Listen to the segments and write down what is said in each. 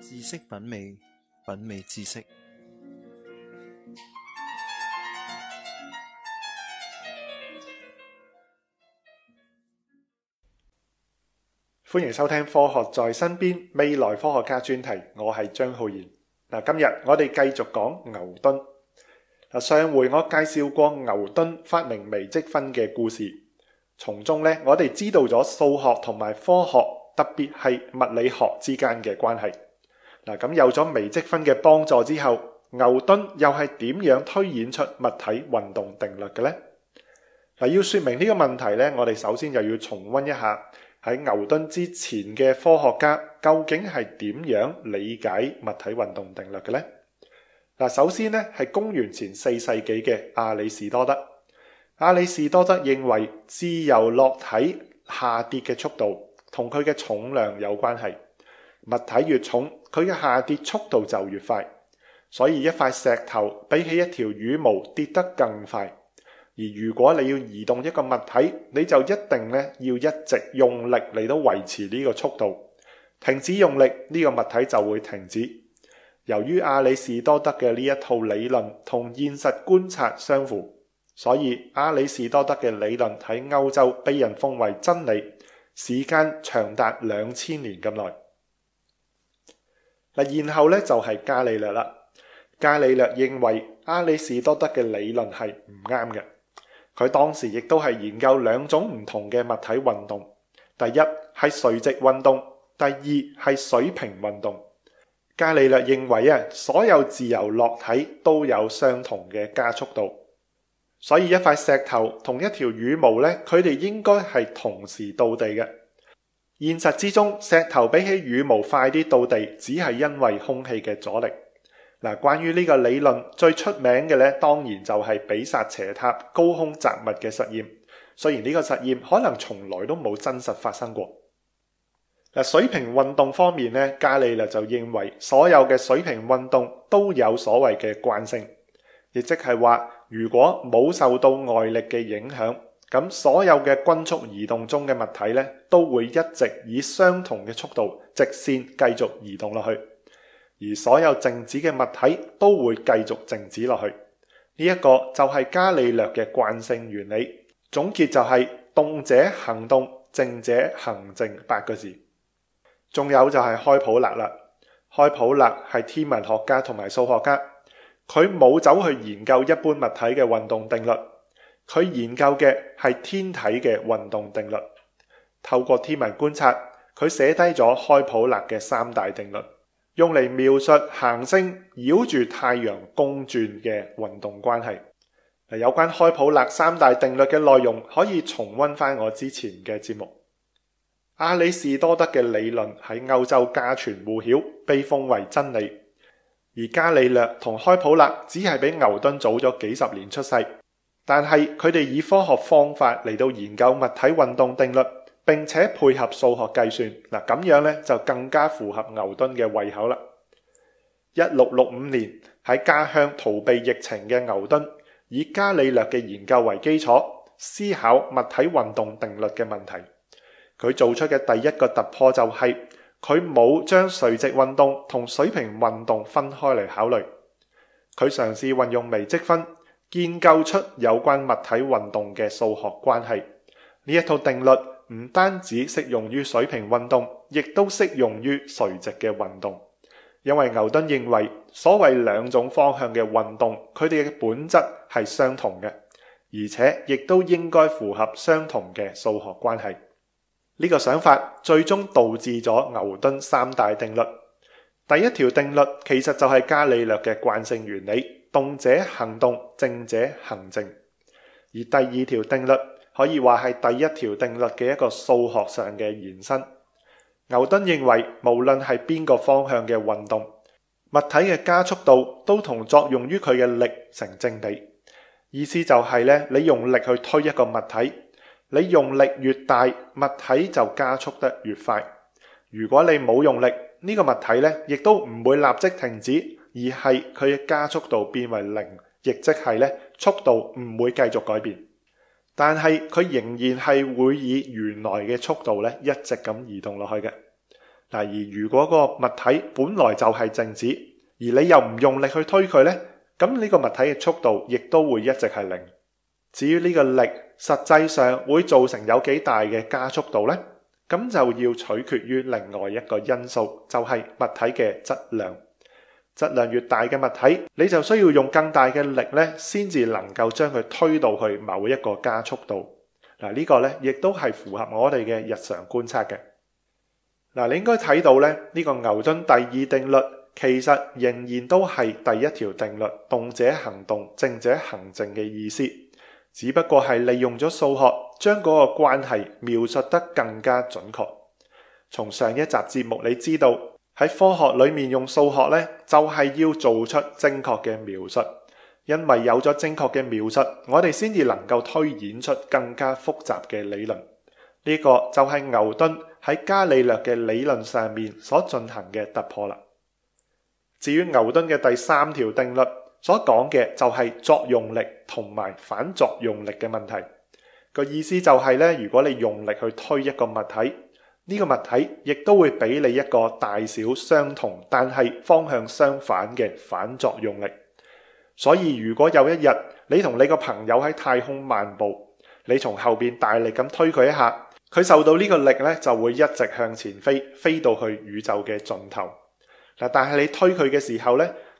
知識品味，品味知識。歡迎收聽《科學在身邊》未來科學家專題，我係張浩然。嗱，今日我哋繼續講牛頓。嗱，上回我介紹過牛頓發明微積分嘅故事，從中呢我哋知道咗數學同埋科學。特別係物理學之間嘅關係嗱，咁有咗微積分嘅幫助之後，牛頓又係點樣推演出物體運動定律嘅呢？嗱，要説明呢個問題呢，我哋首先又要重温一下喺牛頓之前嘅科學家究竟係點樣理解物體運動定律嘅呢？嗱，首先呢，係公元前四世紀嘅阿里士多德，阿里士多德認為自由落體下跌嘅速度。同佢嘅重量有關係，物體越重，佢嘅下跌速度就越快。所以一塊石頭比起一條羽毛跌得更快。而如果你要移動一個物體，你就一定咧要一直用力嚟到維持呢個速度。停止用力，呢個物體就會停止。由於阿里士多德嘅呢一套理論同現實觀察相符，所以阿里士多德嘅理論喺歐洲被人奉為真理，時間長達兩千年咁耐，嗱，然後咧就係伽利略啦。伽利略認為阿里士多德嘅理論係唔啱嘅。佢當時亦都係研究兩種唔同嘅物體運動，第一係垂直運動，第二係水平運動。伽利略認為啊，所有自由落體都有相同嘅加速度。所以一塊石頭同一條羽毛呢，佢哋應該係同時到地嘅。現實之中，石頭比起羽毛快啲到地，只係因為空氣嘅阻力。嗱，關於呢個理論最出名嘅呢，當然就係比薩斜塔高空擲物嘅實驗。雖然呢個實驗可能從來都冇真實發生過。嗱，水平運動方面呢，伽利略就認為所有嘅水平運動都有所謂嘅慣性，亦即係話。如果冇受到外力嘅影響，咁所有嘅均速移動中嘅物體呢，都會一直以相同嘅速度直線繼續移動落去，而所有靜止嘅物體都會繼續靜止落去。呢一個就係伽利略嘅慣性原理。總結就係動者行動，靜者行靜八個字。仲有就係開普勒啦，開普勒係天文學家同埋數學家。佢冇走去研究一般物體嘅運動定律，佢研究嘅係天體嘅運動定律。透過天文觀察，佢寫低咗開普勒嘅三大定律，用嚟描述行星繞住太陽公轉嘅運動關係。有關開普勒三大定律嘅內容，可以重溫翻我之前嘅節目。亞里士多德嘅理論喺歐洲家傳戶曉，被奉為真理。而伽利略同開普勒只係比牛頓早咗幾十年出世，但係佢哋以科學方法嚟到研究物體運動定律，並且配合數學計算，嗱咁樣呢就更加符合牛頓嘅胃口啦。一六六五年喺家鄉逃避疫情嘅牛頓，以伽利略嘅研究為基礎，思考物體運動定律嘅問題，佢做出嘅第一個突破就係、是。佢冇將垂直運動同水平運動分開嚟考慮，佢嘗試運用微積分建構出有關物體運動嘅數學關係。呢一套定律唔單止適用於水平運動，亦都適用於垂直嘅運動。因為牛頓認為，所謂兩種方向嘅運動，佢哋嘅本質係相同嘅，而且亦都應該符合相同嘅數學關係。呢個想法最終導致咗牛頓三大定律。第一條定律其實就係伽利略嘅慣性原理：動者行動，靜者行靜。而第二條定律可以話係第一條定律嘅一個數學上嘅延伸。牛頓認為，無論係邊個方向嘅運動，物體嘅加速度都同作用於佢嘅力成正比。意思就係呢，你用力去推一個物體。你用力越大，物體就加速得越快。如果你冇用力，呢個物體呢亦都唔會立即停止，而係佢嘅加速度變為零，亦即係呢速度唔會繼續改變。但係佢仍然係會以原來嘅速度呢一直咁移動落去嘅。嗱，而如果個物體本來就係靜止，而你又唔用力去推佢呢，咁呢個物體嘅速度亦都會一直係零。至於呢個力實際上會造成有幾大嘅加速度呢？咁就要取決於另外一個因素，就係物體嘅質量。質量越大嘅物體，你就需要用更大嘅力呢先至能夠將佢推到去某一個加速度。嗱，呢個呢亦都係符合我哋嘅日常觀察嘅。嗱，你應該睇到咧，呢個牛頓第二定律，其實仍然都係第一條定律動者行動，靜者行靜嘅意思。只不過係利用咗數學，將嗰個關係描述得更加準確。從上一集節目你知道，喺科學裏面用數學呢，就係、是、要做出正確嘅描述，因為有咗正確嘅描述，我哋先至能夠推演出更加複雜嘅理論。呢、這個就係牛頓喺伽利略嘅理論上面所進行嘅突破啦。至於牛頓嘅第三條定律。所講嘅就係作用力同埋反作用力嘅問題，個意思就係咧，如果你用力去推一個物體，呢個物體亦都會俾你一個大小相同但係方向相反嘅反作用力。所以如果有一日你同你個朋友喺太空漫步，你從後邊大力咁推佢一下，佢受到呢個力咧就會一直向前飛，飛到去宇宙嘅盡頭。但係你推佢嘅時候咧。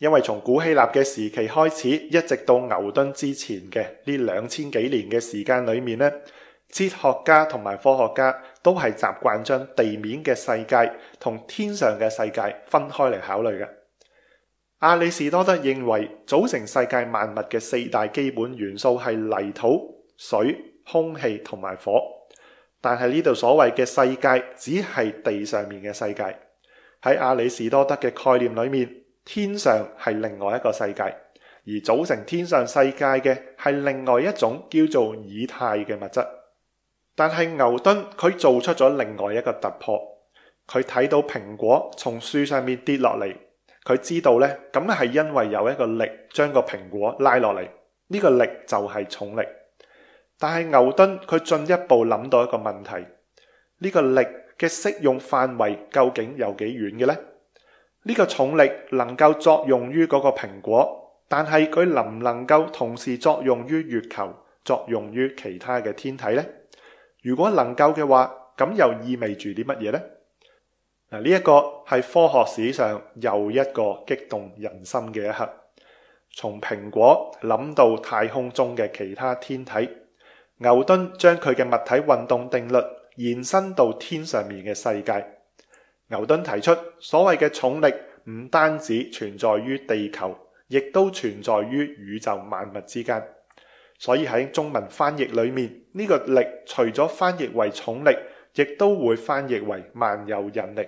因為從古希臘嘅時期開始，一直到牛頓之前嘅呢兩千幾年嘅時間裏面呢，哲學家同埋科學家都係習慣將地面嘅世界同天上嘅世界分開嚟考慮嘅。亞里士多德認為組成世界萬物嘅四大基本元素係泥土、水、空氣同埋火，但係呢度所謂嘅世界只係地上面嘅世界。喺亞里士多德嘅概念裏面。天上係另外一個世界，而組成天上世界嘅係另外一種叫做以太嘅物質。但係牛頓佢做出咗另外一個突破，佢睇到蘋果從樹上面跌落嚟，佢知道呢，咁係因為有一個力將個蘋果拉落嚟，呢個力就係重力。但係牛頓佢進一步諗到一個問題：呢個力嘅適用範圍究竟有幾遠嘅呢？呢個重力能夠作用於嗰個蘋果，但係佢能唔能夠同時作用於月球，作用於其他嘅天體呢？如果能夠嘅話，咁又意味住啲乜嘢呢？嗱，呢一個係科學史上又一個激動人心嘅一刻，從蘋果諗到太空中嘅其他天體，牛頓將佢嘅物體運動定律延伸到天上面嘅世界。牛頓提出，所謂嘅重力唔單止存在於地球，亦都存在於宇宙萬物之間。所以喺中文翻譯裏面，呢個力除咗翻譯為重力，亦都會翻譯為萬有引力，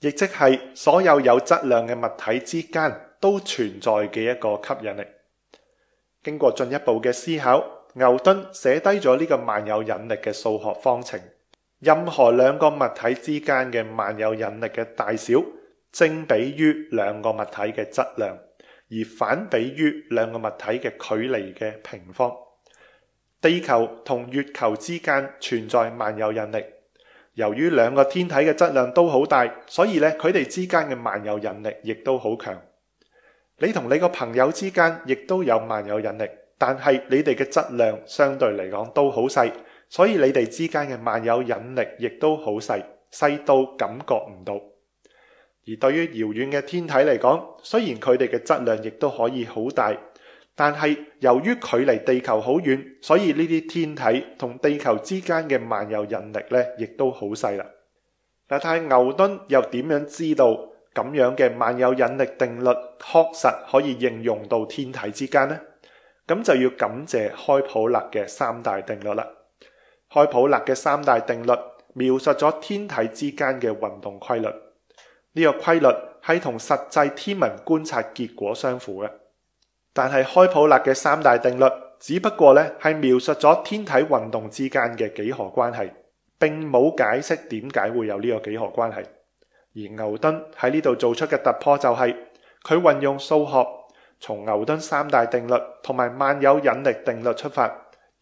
亦即係所有有質量嘅物體之間都存在嘅一個吸引力。經過進一步嘅思考，牛頓寫低咗呢個萬有引力嘅數學方程。任何兩個物體之間嘅萬有引力嘅大小，正比於兩個物體嘅質量，而反比於兩個物體嘅距離嘅平方。地球同月球之間存在萬有引力，由於兩個天體嘅質量都好大，所以咧佢哋之間嘅萬有引力亦都好強。你同你個朋友之間亦都有萬有引力，但係你哋嘅質量相對嚟講都好細。所以你哋之間嘅萬有引力亦都好細，細到感覺唔到。而對於遙遠嘅天體嚟講，雖然佢哋嘅質量亦都可以好大，但係由於距離地球好遠，所以呢啲天體同地球之間嘅萬有引力呢，亦都好細啦。嗱，但係牛頓又點樣知道咁樣嘅萬有引力定律確實可以應用到天體之間呢？咁就要感謝開普勒嘅三大定律啦。開普勒嘅三大定律描述咗天體之間嘅運動規律，呢個規律係同實際天文觀察結果相符嘅。但係開普勒嘅三大定律只不過咧係描述咗天體運動之間嘅幾何關係，並冇解釋點解會有呢個幾何關係。而牛頓喺呢度做出嘅突破就係佢運用數學，從牛頓三大定律同埋萬有引力定律出發。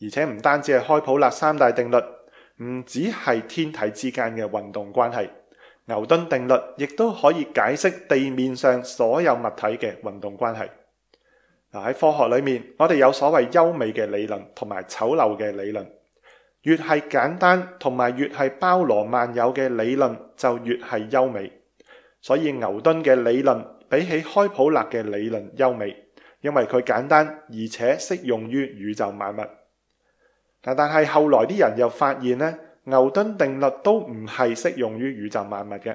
而且唔單止係開普勒三大定律，唔只係天體之間嘅運動關係。牛頓定律亦都可以解釋地面上所有物體嘅運動關係。嗱，喺科學裏面，我哋有所謂優美嘅理論同埋醜陋嘅理論。越係簡單同埋越係包羅萬有嘅理論就越係優美。所以牛頓嘅理論比起開普勒嘅理論優美，因為佢簡單而且適用於宇宙萬物。但係後來啲人又發現呢，牛頓定律都唔係適用於宇宙萬物嘅，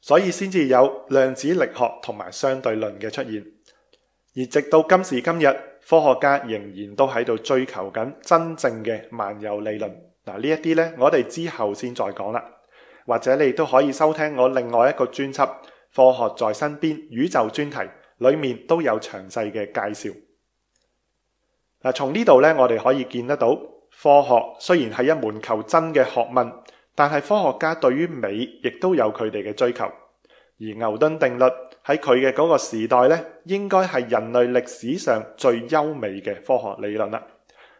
所以先至有量子力學同埋相對論嘅出現。而直到今時今日，科學家仍然都喺度追求緊真正嘅萬有理論。嗱，呢一啲呢，我哋之後先再講啦。或者你都可以收聽我另外一個專輯《科學在身邊：宇宙專題》，裏面都有詳細嘅介紹。嗱，從呢度呢，我哋可以見得到。科學雖然係一門求真嘅學問，但係科學家對於美亦都有佢哋嘅追求。而牛頓定律喺佢嘅嗰個時代咧，應該係人類歷史上最優美嘅科學理論啦。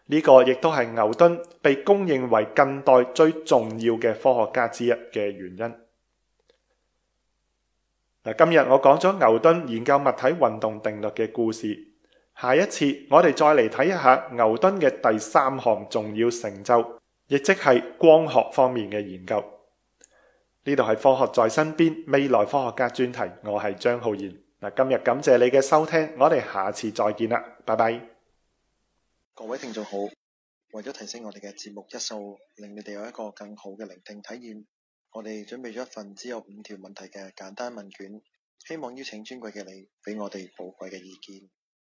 呢、這個亦都係牛頓被公認為近代最重要嘅科學家之一嘅原因。嗱，今日我講咗牛頓研究物體運動定律嘅故事。下一次我哋再嚟睇一下牛頓嘅第三項重要成就，亦即係光學方面嘅研究。呢度係科學在身邊，未來科學家專題，我係張浩然。嗱，今日感謝你嘅收聽，我哋下次再見啦，拜拜。各位聽眾好，為咗提升我哋嘅節目質素，令你哋有一個更好嘅聆聽體驗，我哋準備咗一份只有五條問題嘅簡單問卷，希望邀請尊貴嘅你俾我哋寶貴嘅意見。